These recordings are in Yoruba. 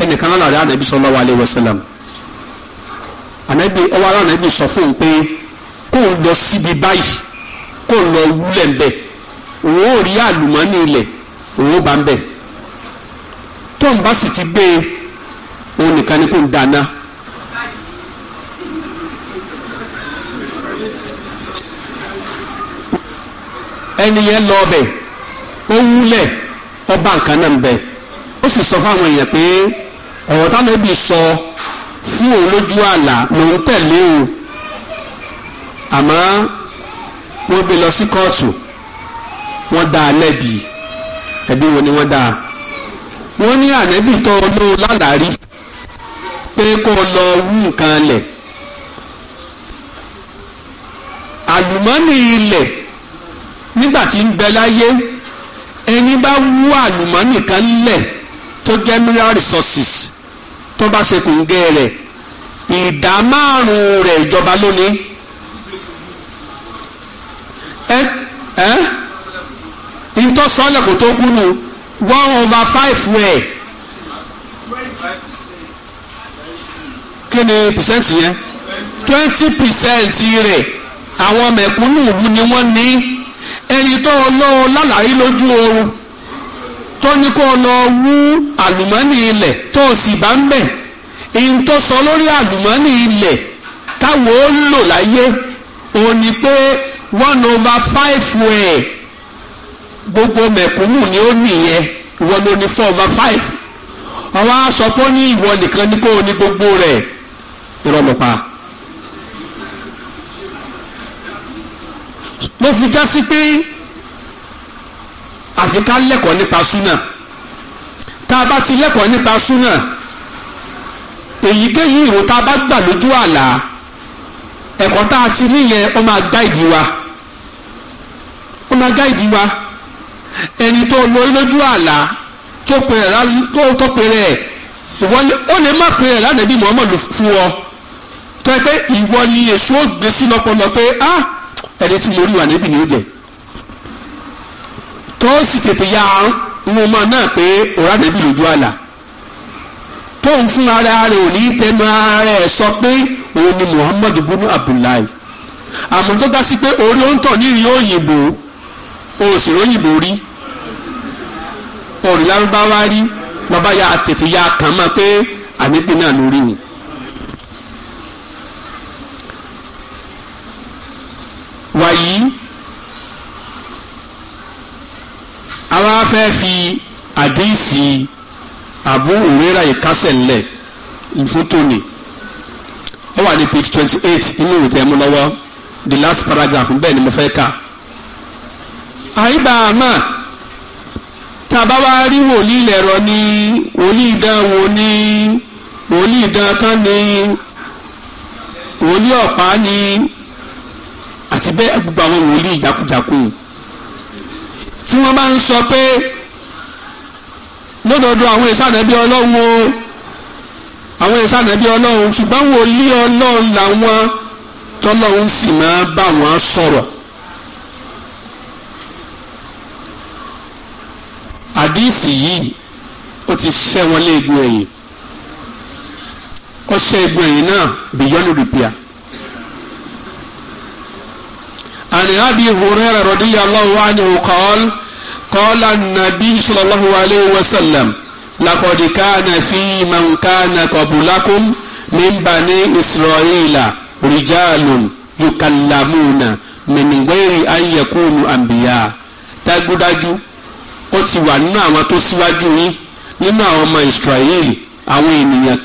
ẹnìkan lọ́la rẹ̀ ànábì sallallahu alaihi wasallam ànábì ọwọ́ ara ànábì sọ fún un pé kó o lọ síbi báyìí kó o lọ wúlẹ̀ ń bẹ̀ òun ò rí àlùmọ́nì ilẹ̀ òun ò bá ń bẹ̀ tó bá sì ti gbé e òun nìkan ni kò ọba nǹkan náà ń bẹ̀ ó sì sọ ọ̀rọ̀ tánàbì sọ fún olójú àlà ló ń tẹ̀lé o àmọ́ wọ́n gbé lọ sí kóòtù wọ́n dá a lẹ́bi ẹ̀bi wo ni wọ́n dá a wọ́n ní ànẹ́bì tó ló lálàárí pé kó lọ wú nǹkan lẹ̀ àlùmọ́nì ilẹ̀ nígbà tí ń bẹ láyé ẹni bá wú àlùmọ́nì kan lẹ̀ tó jẹ́ mineral resources tó bá ṣe kòńgẹ́ rẹ̀ ìdá márùn-ún rẹ̀ ìjọba lónìí. ẹ ẹ ntọ́sọ́lẹ̀ kò tó kú one over five rẹ̀ kí ni percent yẹn twenty percent rẹ̀ àwọn mẹ̀kúnnù ìlú ni wọ́n ní ẹni tó lọ́ọ́ lálàyé lójú oorun tó ní kó lọ wú àlùmọ́nì ilẹ̀ tó o sì bá ń bẹ̀ ihun tó sọ lórí àlùmọ́nì ilẹ̀ táwọn ó lò láyé òun ni pé one over five ẹ̀ gbogbo mẹ̀kúnnù ni ó nìyẹn ìwọ ló ní four over five àwọn aṣọ pọ́ ní ìwọ nìkan ní kó o ní gbogbo rẹ̀ ìrọ̀lọ́pàá. ló fi já sí pé àfi ká lẹ́kọ̀ọ́ nípa súnà tá a bá ti lẹ́kọ̀ọ́ nípa súnà èyíkéyìí ìwò tá a bá gbà lójú àlá ẹ̀kọ́ tá a ti níyẹn ó máa gáìdì wa ó máa gáìdì wa ẹni tó lórí lójú àlá tó pèrè tó pèrè ó lè má pèrè lánàbí Muhammadu fún ọ tó yẹ pé ìwọ ni èso gbèsè lọpọlọ ah ẹni tí mo rí wà níbi ni ó jẹ tó sì tètè ya wọn máa náà pé òrà nẹ́bí lójú àlà tóun fún ara rẹ̀ ò ní tẹnu ara ẹ̀ sọ pé òun ni Muhammad bunu Abdullahi àmọ́ tó dá sí pé orí ó ń tọ̀ nírìí òyìnbó òsì òyìnbó rí òrì lárúbáwá rí bàbá ya tètè ya kàn máa pé àníbi náà lórí wọn. wàyí wá fẹ́ fi àdéhìsì àbú òwúrẹ́rà yìí kásẹ̀ ńlẹ̀ fún tòní ó wà ní page twenty eight nínú ìwé tẹ́ lọ́wọ́ the last paragraph bẹ́ẹ̀ ni mo fẹ́ kà àyíbá tàbá wá rí wòlíì lẹ̀rọ ni wòlíì dán wo ni wòlíì dán tán ni wòlíì ọ̀pá ni àti bẹ́ẹ̀ gbogbo àwọn wòlíì jákujàku tí wọ́n bá ń sọ pé lódodo àwọn ìsànàbí ọlọ́run o àwọn ìsànàbí ọlọ́run ṣùgbọ́n wòlíì ọlọ́run làwọn tọ́lọ́run sì máa bá wọn sọ̀rọ̀. àdíìsì yìí ó ti ṣẹ́ wọn léegun ẹ̀yìn ó ṣẹ́ egun ẹ̀yìn náà beyond repair. عن أبي هريرة رضي الله عنه قال قال النبي صلى الله عليه وسلم لقد كان في من كان قبلكم من بني إسرائيل رجال يكلمون من غير أن يكونوا أنبياء dájúdájú ó ti wà nínú àwọn إسرائيل síwájú yín nínú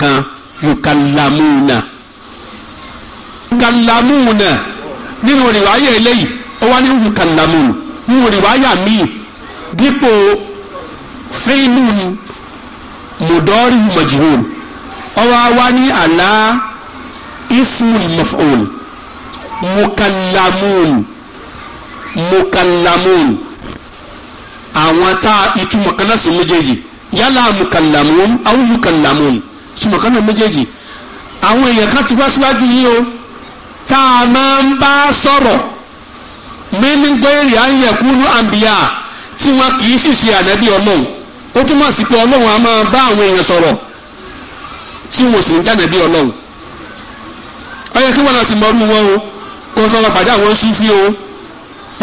àwọn ọmọ nínú rìwáyà eléyìí ó wá ní yukallamun nínú rìwáyà míì dípò fílùn mùdọ́rì majhul ó wá wá ní àlá ismul maf'ul mukallamun mukallamun àwọn tá ìtumọ̀ kan náà sí méjèèjì yálà mukallamun aw yukallamun ìtumọ̀ kan méjèèjì àwọn èèyàn kan ti wá síwájú yìí o tá a máa ń bá sọ̀rọ̀ mímí gbẹ́rì àyẹ̀kúnú àǹbíyà tí wọn kì í sì ṣe ànábì ọlọ́run ó túmọ̀ sí pé ọlọ́run á máa bá àwọn èèyàn sọ̀rọ̀ tí wọn sì ń jàǹdàbí ọlọ́run ó yẹ kí wọn náà sì mọrú wọn o kó tó lọ sufi o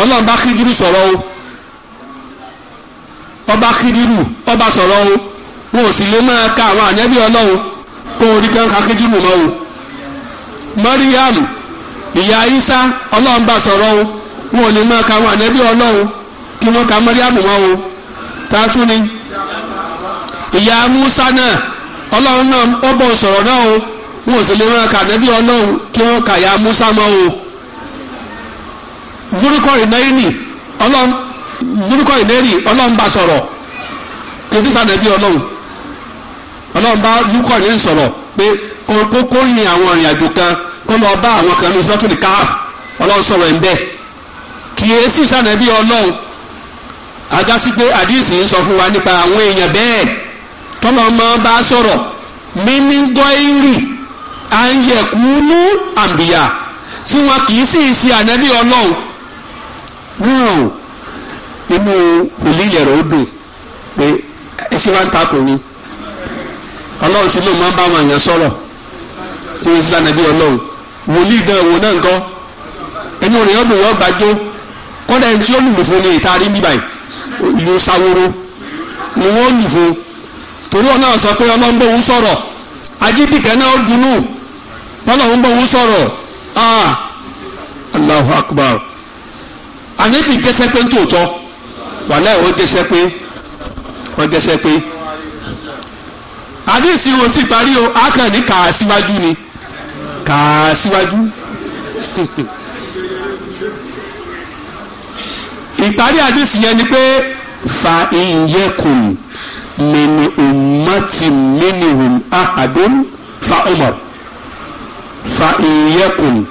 ọlọ́run bá kídírù sọ̀rọ̀ o ọba kídírù ọba sọ̀rọ̀ o wọn sì lè máa ka àwọn ànábì ọlọ́run kó orí kan ká kídírù mọ́ o Mariam. ìyá isa ọlọ́run bá sọ̀rọ̀ o wọn ò lè máa ka àwọn ànẹ́bí ọlọ́run kí wọ́n ka mọ́ríàmù mọ́ o tààtú ni ìyá musa náà ọlọ́run náà ó bọ̀ sọ̀rọ̀ náà o wọn ò sì lè máa ka ànẹ́bí ọlọ́run kí wọ́n ka ìyá musa mọ́ o. ọlọ́run ọlọ́run bá kó lọ bá àwọn kan ní sọ́tún káf ọlọ́run sọ̀rọ̀ ẹ̀ ń bẹ́ẹ̀ kì í sì sànẹ́bí ọlọ́run agasi pé àdìsí ń sọ fún wa nípa àwọn èèyàn bẹ́ẹ̀ tọ́lọ́ mọ́ bá sọ̀rọ̀ mímí gbọ́ irì à ń yẹ̀kúnú àǹbìyà tí wọn kì í sì ṣe ànẹ́bí ọlọ́run náà inú òlì ìyẹ̀rọ ó dùn pé ẹsẹ̀ wa ń takò ní ọlọ́run tí ló máa ń bá àwọn èèyàn sọ̀rọ̀ tí wọ́n ṣe ànẹ́bí ọlọ́run. wòlíì gan wò náà nǹkan ẹni òrìn ọdún yọ gbàjọ kọ́dà ẹni tí ó lùlù fún ni ìtaari bíbà ìlú Saworo ni wọ́n lù torí wọn náà sọ pé sọrọ ń sọ̀rọ̀ ajídìkẹ́ náà dunú ọlọ́mbó ń sọ̀rọ̀ ah Allahu Akbar àníbi jẹ́sẹ́ pé ń wàlẹ́ ò jẹ́sẹ́ pé pé sì parí o àkànní kà á síwájú kà á síwájú. ìparí àdìsí yẹn ni pé fa iyẹ́kùn mẹ́ni ummati minhum ahadun fa umar fa iyẹ́kùn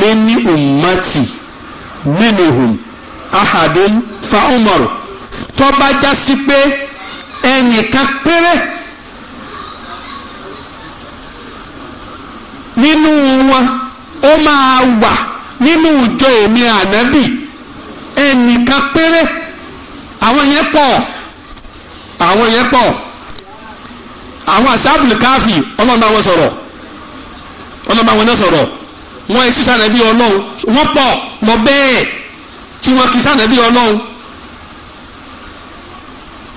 mẹ́ni ummati minhum ahadun fa umar tó bá pé ẹnìkan péré. nínú wọn ó máa wà nínú ìjọ èmi ànábì ẹnìkan péré àwọn yẹn pọ̀ àwọn yẹn pọ̀ àwọn àṣàbùlù káfí ọlọ́mọ àwọn sọ̀rọ̀ ọlọ́mọ àwọn náà sọ̀rọ̀ wọ́n ẹ sísá nàbí ọlọ́run wọ́n pọ̀ lọ bẹ́ẹ̀ tí wọ́n kì í sànàbí ọlọ́run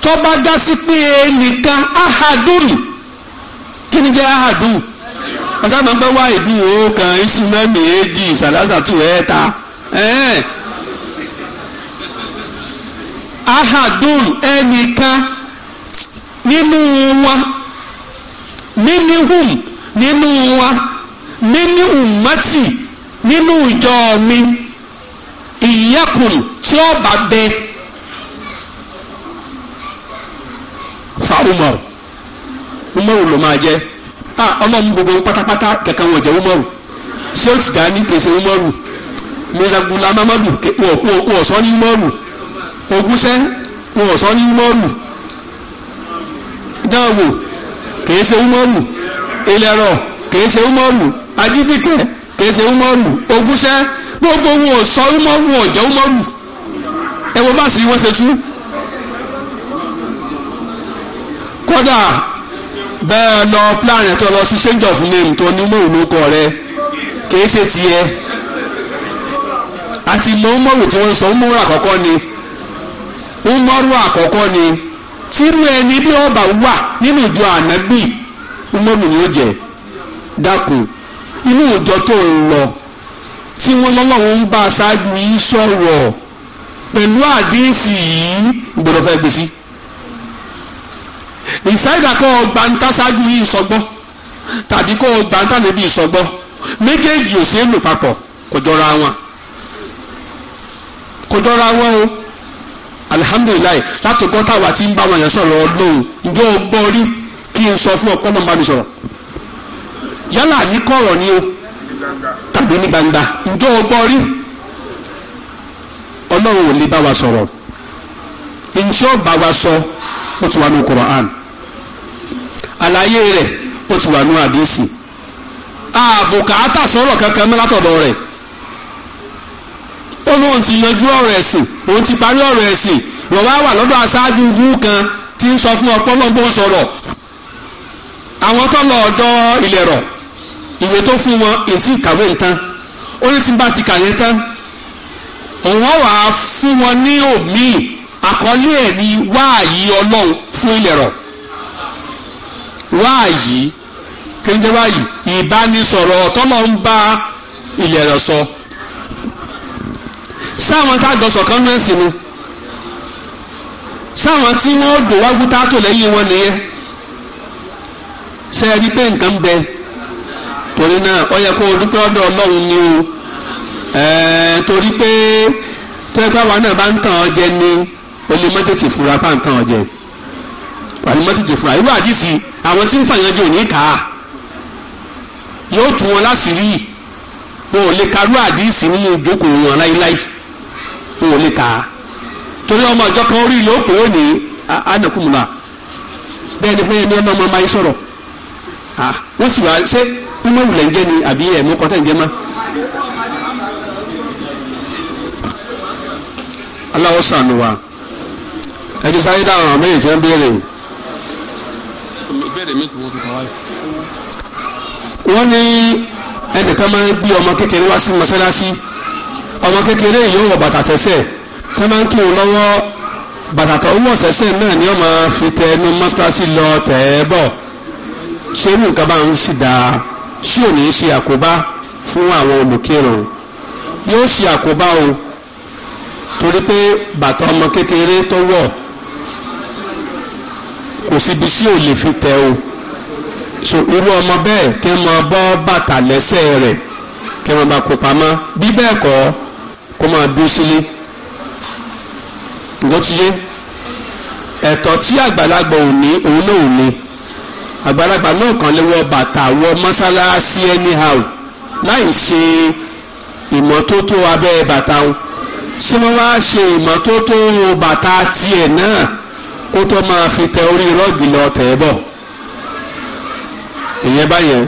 tọ́ba dá sí pé ẹnìkan ahadùn kí ni jẹ́ ahadùn ọ̀sán pé wá ìbí òun kan iṣu mẹ́mì èjì ìsàlásà tù ẹ́ ta. ahadum ẹnìkan nínú wa mímíhùn nínú wa mímíhùn mọ́tì nínú ìjọ mi ìyẹ́kùn tí ó bá bẹ fa umar umar ló máa jẹ́ ọlọ́run gbogbo pátápátá kẹ̀kẹ́ wọn jẹ́ umaru sheikh dani kèsè umaru mizagula mamadu wọn sọ ní umaru ogunṣẹ́ wọn sọ ní umaru dáwò kèsè umaru ìlẹ̀rọ̀ kèsè umaru ajibike kèsè umaru ogunṣẹ́ gbogbo wọn sọ umaru wọn jẹ́ umaru ẹ wo bá sì wọ́n ṣe tú kódà. bẹ́ẹ̀ lọ plan tó lọ sí change of name tó ní mò ń rẹ kìí ṣe tiẹ̀ àti mọ́mọ́rù tí wọ́n sọ ni mọ́rù àkọ́kọ́ ni tírú ẹni bí ọba wà nínú ìjọ ànábì mọ́rù ni ó jẹ inú ìjọ tó ń lọ tí wọ́n ń bá aṣáájú yìí ìsáyìdà kọ́ ọgbà ń tá ṣáájú yìí sọgbọ́ tàbí kọ́ ọgbà ń tá níbi ìsọgbọ́ méjèèjì ò ṣeé lò papọ̀ kò jọra wọn o alihamdulilayi láti táwa ti ń bá wọn yẹn sọ̀rọ̀ ọlọ́run ǹjẹ́ o gbọ́ rí kí n sọ ni o tàbí ní gbangba ǹjẹ́ o gbọ́ rí ọlọ́run ò lè sọ ó ti wà ní àlàyé rẹ̀ ó ti wà ní àdéhùn àbùkátà sọ̀rọ̀ kankan mọ́ látọ̀dọ̀ rẹ̀ ó lóun ti yanjú ọ̀rọ̀ ẹ̀sìn òun ti parí ọ̀rọ̀ ẹ̀sìn wọ́n wá wà lọ́dọ̀ aṣáájú gún kan tí ń sọ fún ọpọlọ́gbọ́n sọ̀rọ̀ àwọn tó lọ ọ̀dọ̀ ìlẹ̀rọ̀ ìwé tó fún wọn ètí ìkàwé nǹkan ó ní tí bá ti kàwé tán òun wà fún wọn ní òmíì àkọlé ẹ̀ ní wáàyí ọlọ́run fún ìlẹ̀rọ̀ wáàyí kéńjẹ́ wáàyí ìbánisọ̀rọ̀ tọ́lọ̀ ń bá ilẹ̀ rẹ̀ sọ sáwọn sáàjọsọ̀ kan náà sì ni sáwọn tí wọ́n dò wá gúta tó wọn nìyẹn ṣe rí pé bẹ torí náà ó yẹ ni o torí pé tó náà bá ń tàn ọ́ jẹ ni o lè mọ́ fura alimọ́tìtì fúra irú àdìsí àwọn tí ń fàyànjẹ òní kà á yóò tún wọn láṣìírí wọn ò lè ka irú àdìsí nínú ìjókòó wọn láíláí wọn ò lè kà á torí ọmọ ìjọ kan orí ilé òkè òní ànàkùnmùlà bẹ́ẹ̀ ni bẹ́ẹ̀ ni ọmọ ọmọ máa ń sọ̀rọ̀ wọ́n sì wá ṣé nínú ìwùlẹ̀ ń jẹ́ ni àbí ẹ̀mú kọ́tẹ́ ń jẹ́ mọ́. aláwọ̀ sànù wa ẹ̀dùn sáyé dáhùn àmì ìjẹ́ ń béèrè o. ìbéèrè mi tó wọ́n wáyé. wọ́n ní ẹnìkan máa ń gbé ọmọ kékeré wá sí mọ́sálásí ọmọ kékeré yìí yóò wọ bàtà sẹ́sẹ́ tó máa ń kí òun lọ́wọ́ bàtà tó wọ̀ sẹ́sẹ̀ náà ni ọmọ fi tẹ ẹnu mọ́sálásí lọ tẹ̀ ẹ́ bọ̀ ṣé irú nǹkan bá ń sì dáa ṣé ò ní í ṣe àkóbá fún àwọn olùkírun yóò ṣe àkóbá o torí pé bàtà ọmọ kékeré tó wọ̀ kò síbi tí ò lè fi tẹ o so irú ọmọ bẹ́ẹ̀ kí wọ́n máa bọ́ bàtà lẹ́sẹ̀ rẹ̀ kí wọ́n bá kó pamọ́ bí bẹ́ẹ̀ kọ́ kó máa dúró sílé nǹkan ti yé ẹ̀tọ́ tí àgbàlagbà ò ní òun náà ò ní àgbàlagbà náà kàn lè wọ bàtà wọ mọ́sálásí anyhow láì ṣe ìmọ́tótó abẹ́ bàtà wọn ṣé wọ́n wá ṣe ìmọ́tótó bàtà tiẹ̀ náà kó tó máa fi tẹ orí rọ́ọ̀gì lọ tẹ̀ bọ̀ ìyẹn báyẹn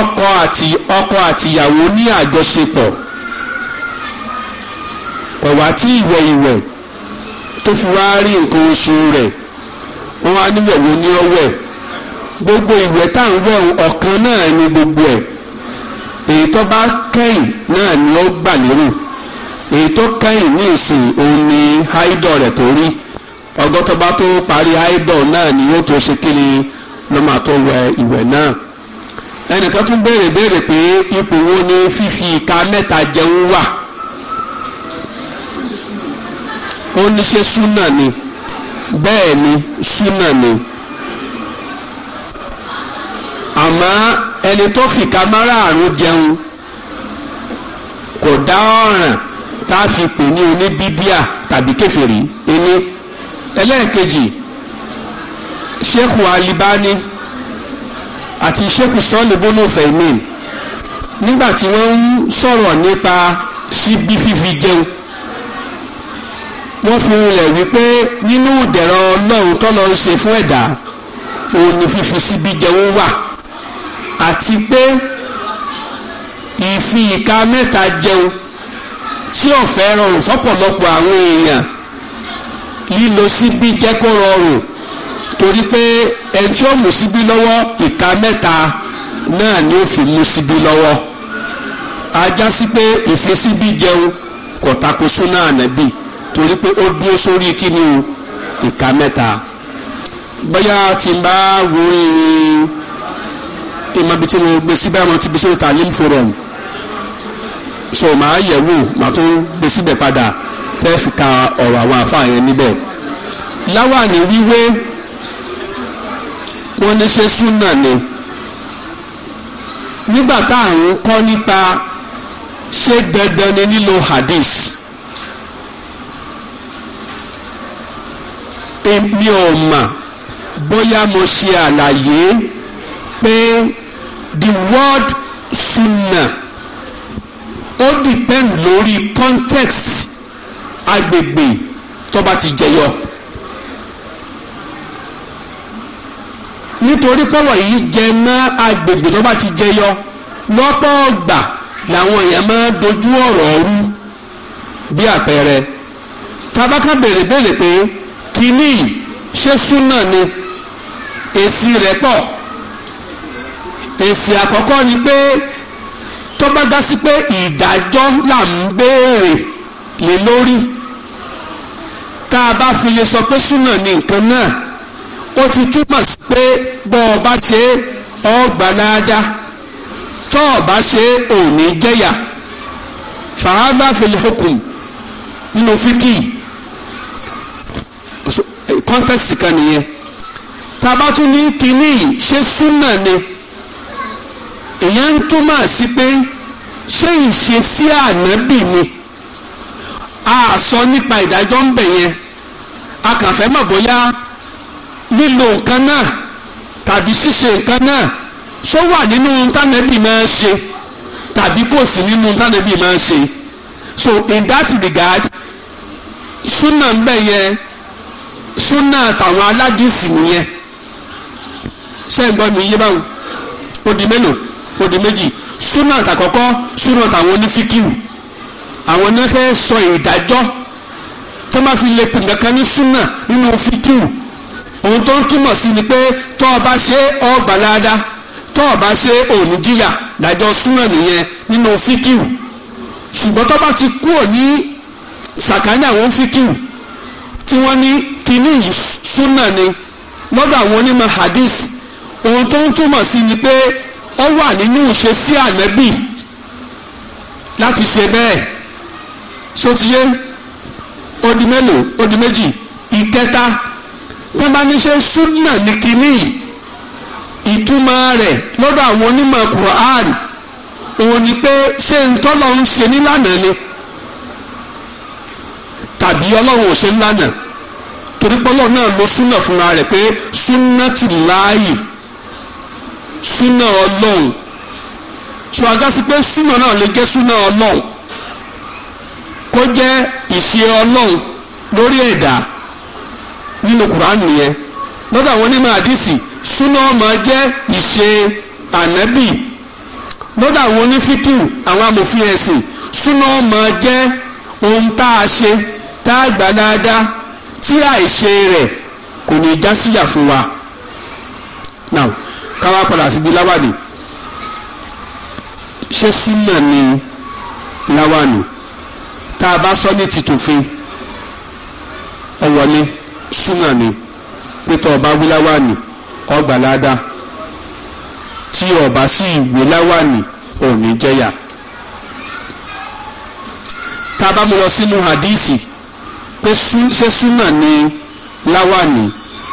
ọkọ àti ọkọ àtìyàwó ní àjọṣepọ̀ ọ̀wá tí ìwẹ̀ ìwẹ̀ tó fi wá rí nǹkan oṣù rẹ̀ wọ́n á níyẹ̀wò ní ọwẹ́ gbogbo ìwẹ̀ tá à ń wẹ̀ ni gbogbo ẹ̀ èyí tó bá kẹ́yìn ni ó gbà lérò èyí tó kẹ́yìn ní ìsìn òun ni ọjọ́ tó bá tó parí àìbọ̀ náà ni yóò tó ṣe kíni ló máa tó wẹ ìwẹ̀ náà ẹnìkan tún béèrè béèrè pé ipò wo ni fífi ìka mẹ́ta jẹun wà ó ní ṣe súnà ni bẹ́ẹ̀ ni súnà ni àmọ́ ẹni tó fìka márààrún jẹun kò dá ọ̀ràn tá a fi pè ní oníbíbíà tàbí kèfèrí ẹni ẹlẹ́ẹ̀kejì sheikh alibani àti sheikh sọ́ọ̀lì bọ́lú fẹ̀mín nígbà tí wọ́n ń sọ̀rọ̀ nípa síbi fífi jẹun wọ́n fi rinlẹ̀ wípé nínú ìdẹ̀rọ̀ ọlọ́run tọ́lọ́ ń ṣe fún ẹ̀dá òun ni fífi síbi jẹun wà àti pé ìfi ìka mẹ́ta jẹun tí ọ̀fẹ́ rọrùn fọ́pọ̀lọpọ̀ àwọn èèyàn lílo síbí jẹ́ kó rọrùn torí pé ẹni tí ó mú síbí lọ́wọ́ ìka mẹ́ta náà ni ó fi mú síbí lọ́wọ́ ajá sí pé ìfisíbí jẹun kò tako súnà ànábì torí pé ó dúró sórí kíni o ìka mẹ́ta bóyá tí n bá wo ìmọ̀bi tí mo gbé síbẹ̀ àwọn ti bí sórí forum so màá yẹ̀ wò màá tún gbé síbẹ̀ padà tẹ́ẹ̀sì ka ọ̀rọ̀ àwọn àfáà yẹn níbẹ̀ láwàní wíwé wọ́n ní ṣe súnà ni nígbà tá à ń kọ́ nípa ṣé dandan ni nílò hadith èmi ò mà bóyá mo ṣe àlàyé pé the word sunna ó depend lórí context agbègbè tó bá ti jẹyọ. nítorí pọ́wọ́ yìí jẹ mọ́ agbègbè tó bá ti jẹyọ lọ́pọ̀ ọgbà làwọn èèyàn máa dojú ọ̀rọ̀ rú bí àpẹẹrẹ tabaka béèrè béèrè pé kínní ṣé súnà ni èsì rẹ̀ pọ̀ èsì àkọ́kọ́ ni pé tó dá sí pé ìdájọ́ là ń béèrè lé lórí tá a bá fi lè sọ pé súnà ní nǹkan náà ó ti túmọ̀ sí pé bọ́ ọ bá ṣe é ọ gbà dáadáa tọ́ ọ bá ṣe é ò ní jẹ̀yà fàábà fil hukum nínú fíkì kọ́ńtẹ́sì kan nìyẹn tá a bá tún ní kínní yìí súnà ni èèyàn ń túmọ̀ sí pé ṣé ìṣesí ànábì ni a sọ nípa ìdájọ́ ń bẹ̀ yẹn a kàn fẹ́ mọ̀ bóyá lílo nǹkan náà tàbí ṣíṣe nǹkan náà ṣó wà nínú tánẹ́bì máa ṣe tàbí kò sí nínú tánẹ́bì máa ṣe so in that regard súnà ń bẹ̀ yẹn súnà tàwọn aládìsí nìyẹn ṣé ń gbọ́ mi yé báwọn ó di mélòó ó di méjì súnà tàkọ́kọ́ súnà tàwọn onífíkìrù àwọn náà fẹ́ sọ ìdájọ́ tó máa fi lè pè kankan ní súnà nínú fíkìú ohun tó ń túmọ̀ sí ni pé tó o bá ṣe ó gbà láàdá tó o bá ṣe òní jìyà dájọ́ súnà nìyẹn nínú fíkìú ṣùgbọ́n tó bá ti kúrò ní sàkánì àwọn fíkìú tí wọ́n ní kíní súnà ni lọ́dọ̀ àwọn onímọ̀ hadith ohun tó ń túmọ̀ sí ni pé ó wà nínú ìṣesí ànábì láti ṣe bẹ́ẹ̀ sotiye odi mélòó odi méjì ìkẹta tó bá ní ṣe súnà ní kínní ìtumọ̀ rẹ̀ lọ́dọ̀ àwọn onímọ̀ Qur'an òun ni pé ṣé ń tọ́lọ̀ ń ṣe nílànà ni tàbí ọlọ́run ò ṣe nílànà torí pọ́lọ́ náà ló súnà fúnra rẹ̀ pé súnà ti láàyè súnà ọlọ́run ṣùgbọ́n a gá sí pé súnà náà lè jẹ́ súnà ọlọ́run kó jẹ́ ìṣe ọlọ́run lórí ẹ̀dá nínú Qur'an nìyẹn lọ́dọ̀ àwọn onímọ̀ àdìsí súná máa jẹ́ ìṣe ànábì lọ́dọ̀ àwọn onífíkìw àwọn amòfin ẹ̀sìn súná máa jẹ́ ohun tá a ṣe tá a gbà dáadáa tí àìṣe rẹ̀ kò ní já síyà fún wa. now káwá padà síbi láwàní ṣé súnà ni láwàní tá a bá sọ ní tìtòfin ọwọlé súnà ni pété ọba wíláwà ni ọgbàládà tí ọba sí ìwéláwà ni òní jẹyà tá a bá mú lọ sínú hadísì pé ṣé súnà ni láwà ni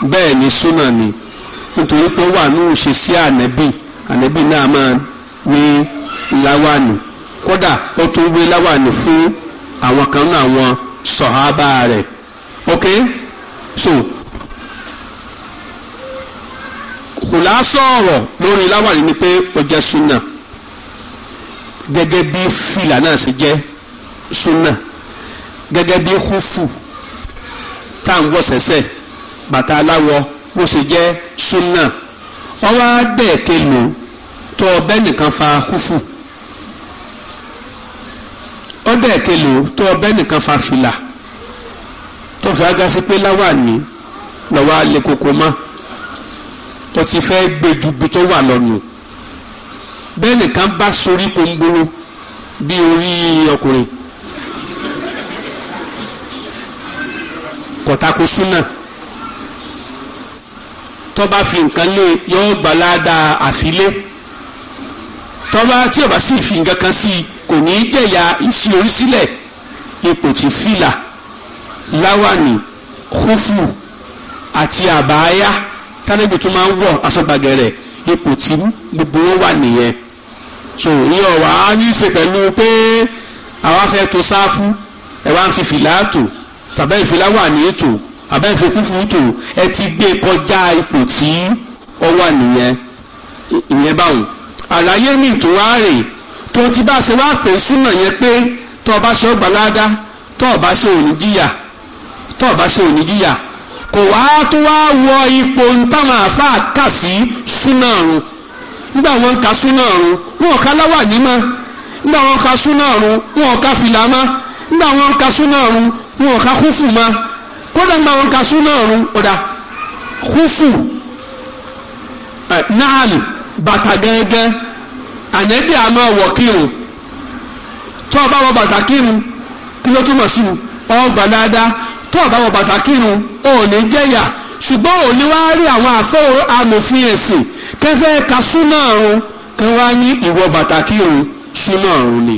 bẹ́ẹ̀ ni súnà ni nítorí pé wà ní òṣè sí ànẹ́bì ànẹ́bì náà máa ní láwà kódà ó tún gbé láwà fún àwọn kan náà àwọn sọ̀hábà rẹ̀ ok so kùlásọ̀ ọ̀rọ̀ lórí láwàní ni pé ó jẹ́ súnà gẹ́gẹ́ bí fìlà náà sì jẹ́ súnà gẹ́gẹ́ bí húfù tá à ń wọ̀ sẹ́sẹ̀ bàtà aláwọ̀ bó ṣe jẹ́ súnà wọ́n wá dẹ̀ kelo tó ọbẹ̀ nìkan fa húfù ọdẹ kelo tó ọbẹ̀ nìkan fa fìlà tó fi agasi pé láwàní lọ́wọ́ alẹ́ koko mọ́ o ti fẹ́ gbé ju bi tó wà lọ́nu bẹ́ẹ̀ nìkan bá sorí kóńgbóró bí orí ọkùnrin kọ̀tàkó súnà tọ́ba fi nǹkan lé yọ gbàládà àfilé tọ́ba tí o bá sì fi nǹkan kan sí i kò ní í jẹ̀yà ìfi orí sílẹ̀ ipò tí fìlà láwàní kúfù àti àbáyá tálẹ́bì tó máa ń wọ̀ aṣọ́gbàgẹ̀rẹ̀ ipò tí gbogbo wọn wà nìyẹn so ìyẹn ọ̀wá ní í ṣe pẹ̀lú pé àwa fẹ́ to sáfù ẹ̀ wá ń fi fìlà tò tàbẹ́ ìfìlà wà ní ètò àbẹ́ ìfikúfù tò ẹ ti gbé kọjá ipò tí ọ wà nìyẹn ìyẹn báwọn àlàyé mi tó wá rèé tó ti bá ṣe wá pè súnà yẹn pé tó o bá ṣe ọgbà ládá tó o bá ṣe òní jìyà tó o bá ṣe òní jìyà kò wá tó wá wọ ipò táwọn àáfàá kà sí súnà ọ̀run nígbà wọn ka súnà ọ̀run wọn ò ka láwàní mọ́ nígbà wọn ka súnà ọ̀run wọn ò fìlà mọ́ nígbà wọn ka súnà ọ̀run wọn ò kúfù mọ́ kódà nígbà wọn ka súnà ọ̀run ọ̀dà kúfù náàlì bàtà gẹ́gẹ́ ànẹ́bí àmọ́ ọ̀wọ̀ kírun tó o bá wọ bàtà kírun kí ló túmọ̀ sí o ọgbà dáadáa tó o bá wọ bàtà kírun o ò ní jẹ̀yà ṣùgbọ́n ò ní wá rí àwọn àfọ amòfin ẹ̀sìn kẹfẹ́ ka súnà ọ̀run kí wọ́n á ní ìwọ bàtà kírun súnà ọ̀run ni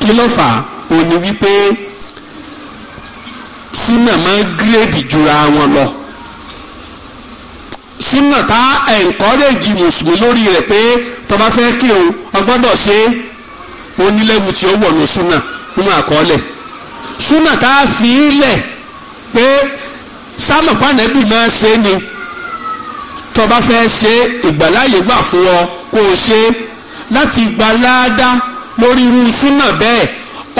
kí ló fà á ò ní wípé súnà máa ń gírèdì jura wọn lọ súnà tá ẹ̀ńkọ́rẹ́jì mùsùlùmí lórí rẹ̀ pé tó bá kí o ọgbọ́dọ̀ ṣe onílẹ̀wù tí ó wọ̀nù súnà nínú àkọọ́lẹ̀ súnà tá a fi í lẹ̀ pé sámọ̀ pàǹdẹ́bì máa ṣe é ni tó bá fẹ́ ṣe ìgbàláyè gbà fún ọ kó o ṣe láti gba láádá lórí irú súnà bẹ́ẹ̀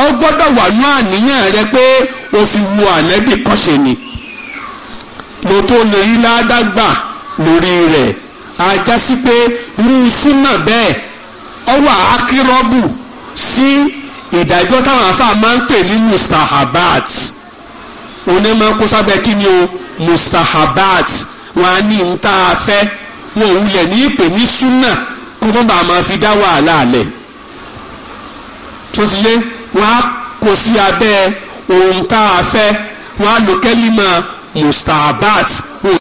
ọ gbọ́dọ̀ wà ní àníyàn rẹ pé o fi wo ànẹ́bì kọ́ṣe ni mo tó lè rí láádá lórí rẹ̀ àjásí pé irú súnà bẹ́ẹ̀ ọwọ́ akírọ́bù sí ìdájọ́ táwọn afáà máa ń pè ní mustahabat onímọ̀ kó sábẹ́ kí ni o mustahabat wọn á ní ń tá a fẹ́ wọn ò wulẹ̀ ní ìpè ní súnà kó tó bá a máa fi dá wàhálà lẹ̀ tó ti yé wọn á kó sí abẹ́ ohun tá a fẹ́ wọn á lo kẹ́límà mustahabat.